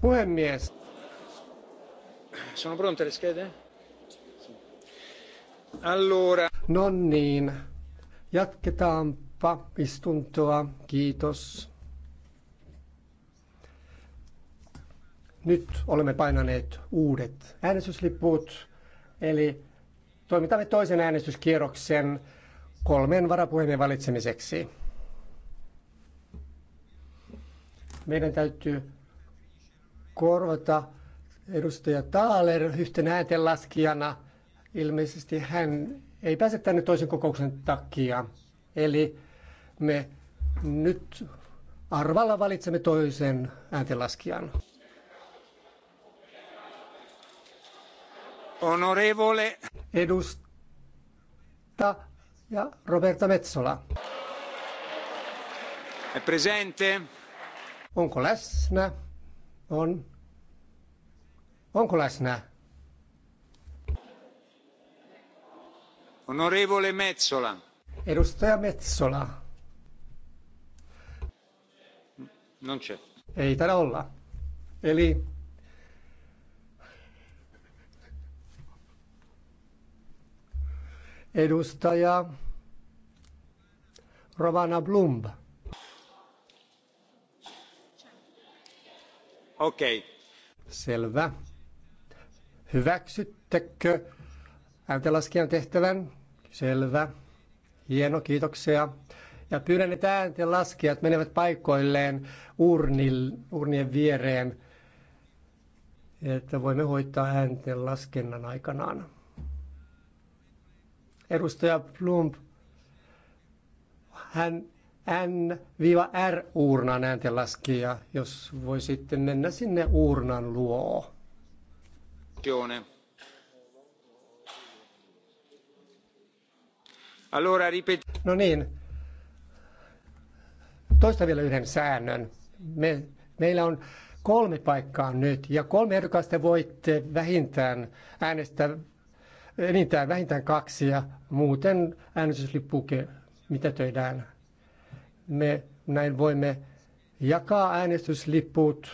Puhemies. No niin. Jatketaanpa istuntoa. Kiitos. Nyt olemme painaneet uudet äänestysliput, eli toimitamme toisen äänestyskierroksen kolmen varapuhemiehen valitsemiseksi. Meidän täytyy korvata edustaja Taaler yhtenä ääntenlaskijana. Ilmeisesti hän ei pääse tänne toisen kokouksen takia. Eli me nyt arvalla valitsemme toisen ääntenlaskijan. Honorevole Edusta ja Roberta Metsola. È presente? Onko läsnä? On. Onko läsnä? Onorevole Metsola. Edustaja Metsola. Non c'è. Ei täällä olla. Eli edustaja Rovana Blumba. Okei. Okay. Selvä. Hyväksyttekö ääntenlaskijan tehtävän? Selvä. Hieno, kiitoksia. Ja pyydän, että ääntenlaskijat menevät paikoilleen urnil, urnien viereen, että voimme hoitaa äänten laskennan aikanaan. Edustaja Plump, hän N-R-uurnan ääntenlaskija, jos voi sitten mennä sinne uurnan luo. Allora, ripet... No niin, toista vielä yhden säännön. Me, meillä on kolme paikkaa nyt ja kolme ehdokasta voitte vähintään äänestää enintään vähintään kaksi ja muuten mitä töidään me näin voimme jakaa äänestysliput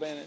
bene.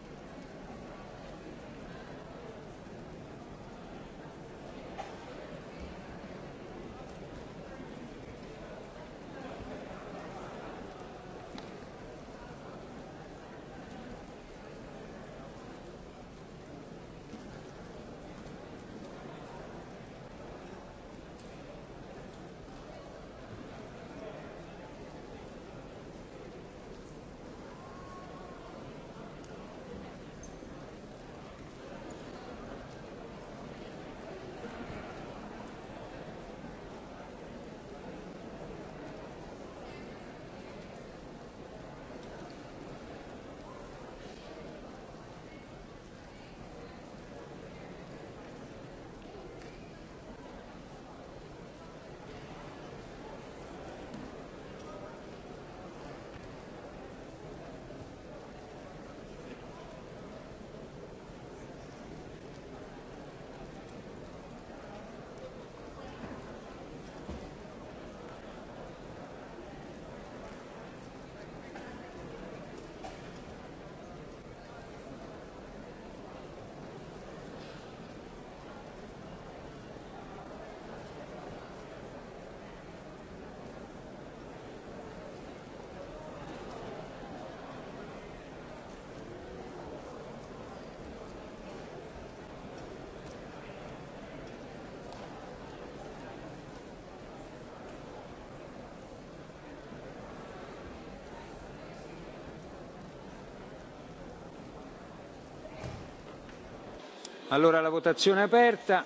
Allora la votazione aperta.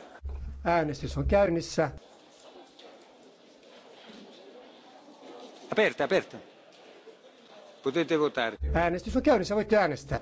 Äänestys on käynnissä. Aperta, aperta. Potete votare. Äänestys on käynnissä, voitte äänestää.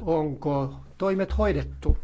Onko toimet hoidettu?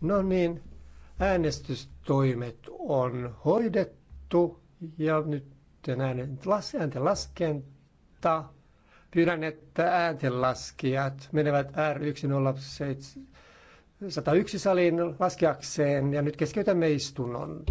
No niin, äänestystoimet on hoidettu ja nyt äänen, äänten laskenta. Pyydän, että ääntenlaskijat menevät R101 saliin laskeakseen ja nyt keskeytämme istunnon.